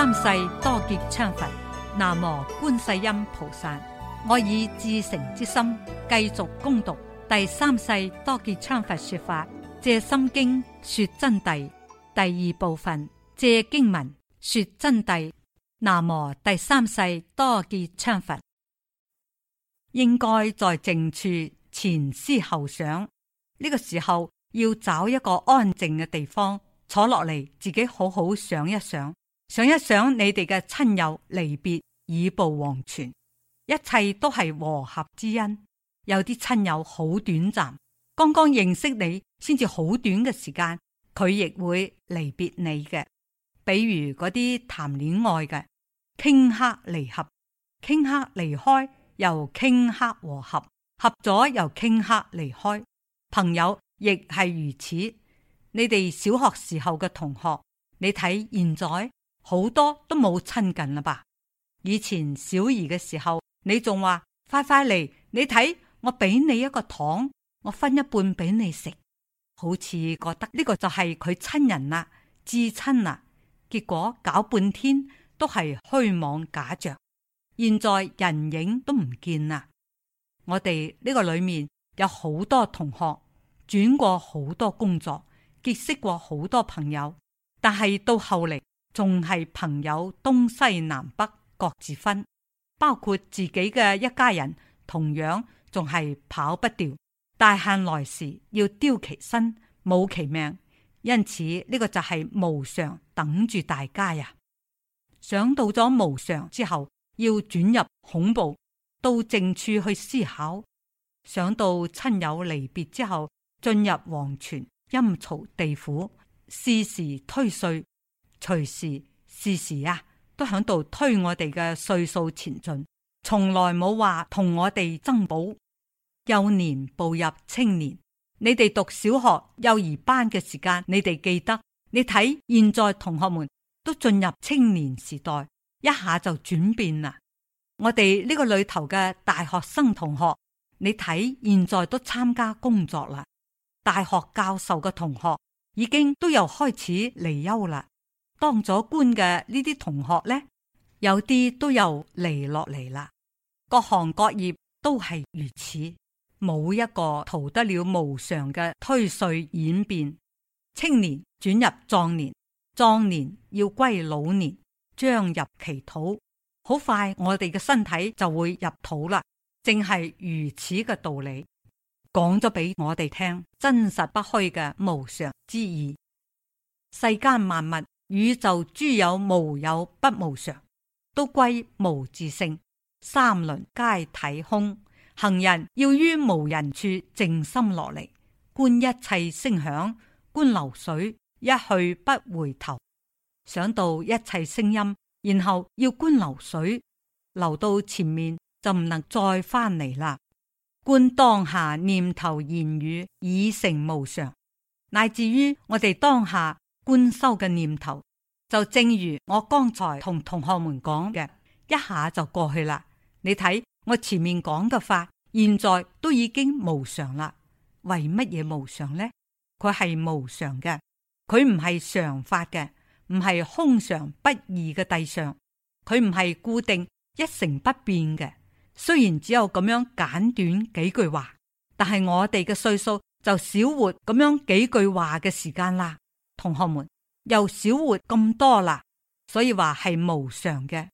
三世多杰羌佛，南無觀世音菩薩。我以至誠之心，繼續攻讀第三世多杰羌佛說法《藉心經》說真諦第二部分《藉經文說真諦》，南無第三世多杰羌佛。應該在靜處前思後想，呢個時候要找一個安靜嘅地方坐落嚟，自己好好想一想。想一想，你哋嘅親友離別以赴黃泉，一切都係和合之恩。有啲親友好短暫，剛剛認識你先至好短嘅時間，佢亦會離別你嘅。比如嗰啲談戀愛嘅，頃刻離合，頃刻離開，又頃刻和合，合咗又頃刻離開。朋友亦係如此。你哋小學時候嘅同學，你睇現在？好多都冇親近啦吧？以前小兒嘅時候，你仲話快快嚟，你睇我俾你一個糖，我分一半俾你食，好似覺得呢個就係佢親人啦，至親啦。結果搞半天都係虛妄假象，現在人影都唔見啦。我哋呢個裏面有好多同學轉過好多工作，結識過好多朋友，但係到後嚟。仲係朋友，東西南北各自分，包括自己嘅一家人，同樣仲係跑不掉。大限來時要丟其身，冇其命，因此呢個就係無常，等住大家呀。想到咗無常之後，要轉入恐怖，到正處去思考，想到親友離別之後，進入黃泉、陰曹地府，事時推碎。隨時、時時啊，都喺度推我哋嘅歲數前進，從來冇話同我哋增補。幼年步入青年，你哋讀小學、幼兒班嘅時間，你哋記得。你睇現在同學們都進入青年時代，一下就轉變啦。我哋呢個裏頭嘅大學生同學，你睇現在都參加工作啦。大學教授嘅同學已經都又開始離休啦。當咗官嘅呢啲同學呢，有啲都又嚟落嚟啦。各行各業都係如此，冇一個逃得了無常嘅推碎演變。青年轉入壯年，壯年要歸老年，將入其土。好快，我哋嘅身體就會入土啦。正係如此嘅道理，講咗俾我哋聽，真實不虛嘅無常之意。世間萬物。宇宙諸有無有不無常，都歸無自性。三輪皆體空，行人要於無人處靜心落嚟，觀一切聲響，觀流水，一去不回頭。想到一切聲音，然後要觀流水，流到前面，就唔能再返嚟啦。觀當下念頭言語，已成無常，乃至於我哋當下。官修嘅念頭，就正如我剛才同同學們講嘅，一下就過去啦。你睇我前面講嘅法，現在都已經無常啦。為乜嘢無常呢？佢係無常嘅，佢唔係常法嘅，唔係空常不二嘅地上，佢唔係固定一成不變嘅。雖然只有咁樣簡短幾句話，但係我哋嘅歲數就少活咁樣幾句話嘅時間啦。同學們又少活咁多啦，所以話係無常嘅，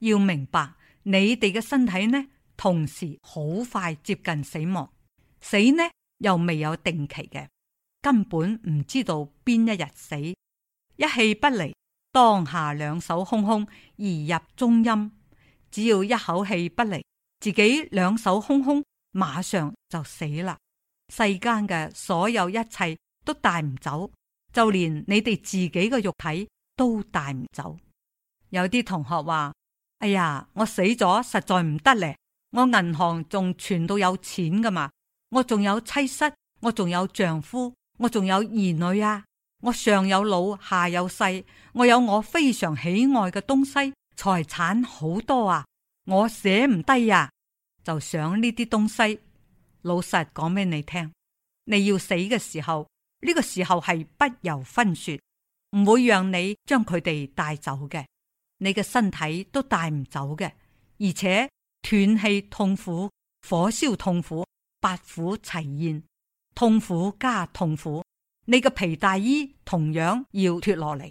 要明白你哋嘅身體呢，同時好快接近死亡，死呢又未有定期嘅，根本唔知道邊一日死，一氣不離當下兩手空空而入中陰，只要一口氣不離，自己兩手空空，馬上就死啦，世間嘅所有一切都帶唔走。就連你哋自己嘅肉體都帶唔走。有啲同學話：哎呀，我死咗實在唔得咧。我銀行仲存到有錢㗎嘛，我仲有妻室，我仲有丈夫，我仲有兒女啊，我上有老下有細，我有我非常喜愛嘅東西，財產好多啊，我捨唔低呀，就想呢啲東西。老實講俾你聽，你要死嘅時候，呢個時候係不由分說，唔會讓你將佢哋帶走嘅，你嘅身體都帶唔走嘅，而且斷氣痛苦、火燒痛苦、八苦齊現、痛苦加痛苦，你嘅皮大衣同樣要脱落嚟，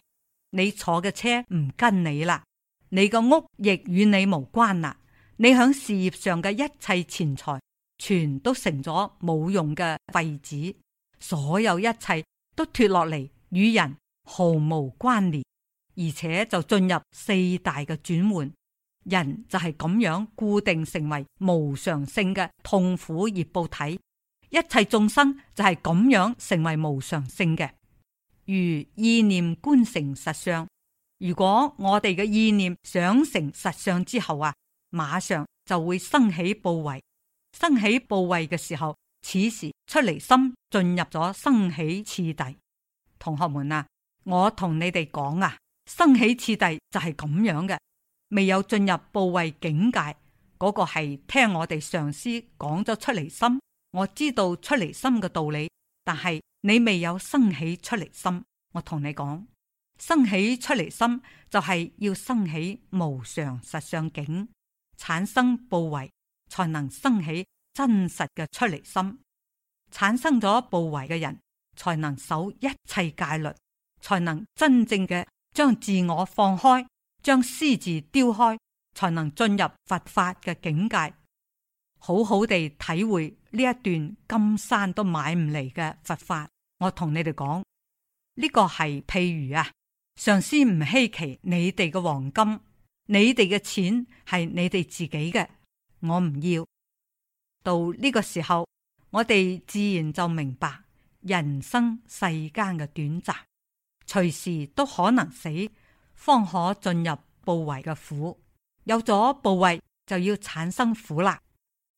你坐嘅車唔跟你啦，你個屋亦與你無關啦，你響事業上嘅一切錢財，全都成咗冇用嘅廢紙。所有一切都脫落嚟，與人毫無關聯，而且就進入四大嘅轉換，人就係咁樣固定成為無常性嘅痛苦業報體，一切眾生就係咁樣成為無常性嘅。如意念觀成實相，如果我哋嘅意念想成實相之後啊，馬上就會生起部位，生起部位嘅時候。此時出離心進入咗生起次第，同學們啊，我同你哋講啊，生起次第就係咁樣嘅，未有進入部位境界嗰個係聽我哋上師講咗出離心，我知道出離心嘅道理，但係你未有生起出離心，我同你講，生起出離心就係要生起無常實相境，產生部位，才能生起。真實嘅出離心，產生咗部位嘅人，才能守一切戒律，才能真正嘅將自我放開，將私字丟開，才能進入佛法嘅境界，好好地體會呢一段金山都買唔嚟嘅佛法。我同你哋講，呢、這個係譬如啊，上司唔稀奇你哋嘅黃金，你哋嘅錢係你哋自己嘅，我唔要。到呢個時候，我哋自然就明白人生世間嘅短暫，隨時都可能死，方可進入怖畏嘅苦。有咗怖畏，就要產生苦辣。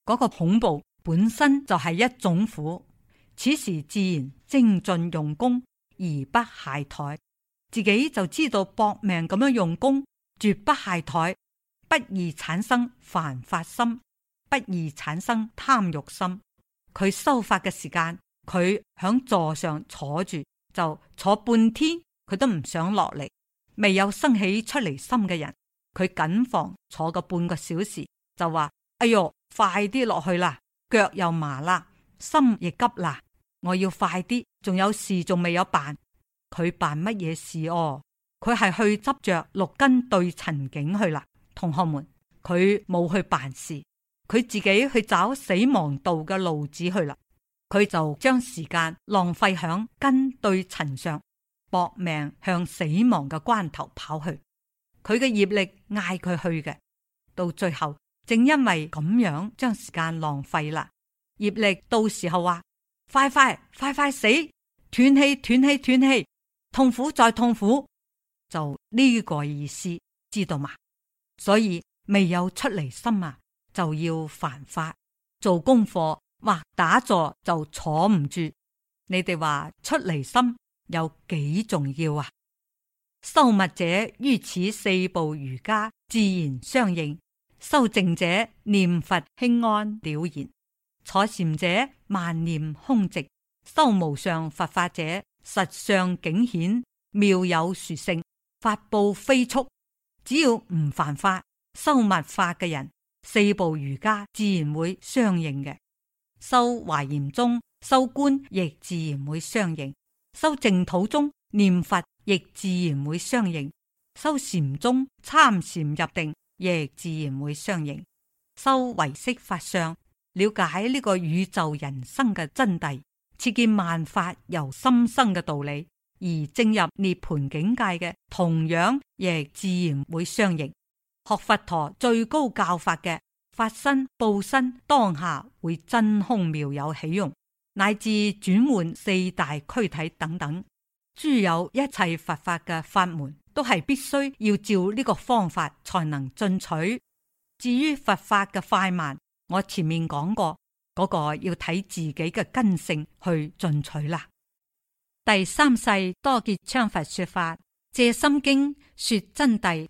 嗰、那個恐怖本身就係一種苦。此時自然精進用功而不懈怠，自己就知道搏命咁樣用功，絕不懈怠，不易產生凡發心。不易產生貪欲心。佢修法嘅時間，佢響座上坐住就坐半天，佢都唔想落嚟。未有生起出嚟心嘅人，佢緊防坐個半個小時就話：哎喲，快啲落去啦，腳又麻啦，心亦急啦，我要快啲，仲有事仲未有辦。佢辦乜嘢事？哦，佢係去執着六根對塵境去啦。同學們，佢冇去辦事。佢自己去找死亡道嘅路子去啦，佢就將時間浪費響根對塵上搏命向死亡嘅關頭跑去。佢嘅業力嗌佢去嘅，到最後正因為咁樣將時間浪費啦，業力到時候話快快快快死，斷氣斷氣斷氣，斷氣，痛苦再痛苦，就呢個意思，知道嘛？所以未有出離心啊！就要犯法做功課或打坐就坐唔住，你哋話出離心有幾重要啊？修密者於此四部瑜伽自然相應，修淨者念佛輕安了然，坐禪者萬念空寂，修無上佛法者實相景顯，妙有殊勝法布飛速。只要唔犯法，修密法嘅人，四部瑜伽自然會相應嘅，修華嚴宗、修觀亦自然會相應；修淨土宗、念佛亦自然會相應；修禪宗、參禪入定亦自然會相應；修唯識法相，了解呢個宇宙人生嘅真諦，切見萬法由心生嘅道理，而正入涅槃境界嘅，同樣亦自然會相應。學佛陀最高教法嘅法身、報身，當下會真空妙有起用，乃至轉換四大軀體等等。諸有一切佛法嘅法門，都係必須要照呢個方法才能進取。至於佛法嘅快慢，我前面講過，嗰、那個要睇自己嘅根性去進取啦。第三世多杰羌佛說法，借心經說真諦。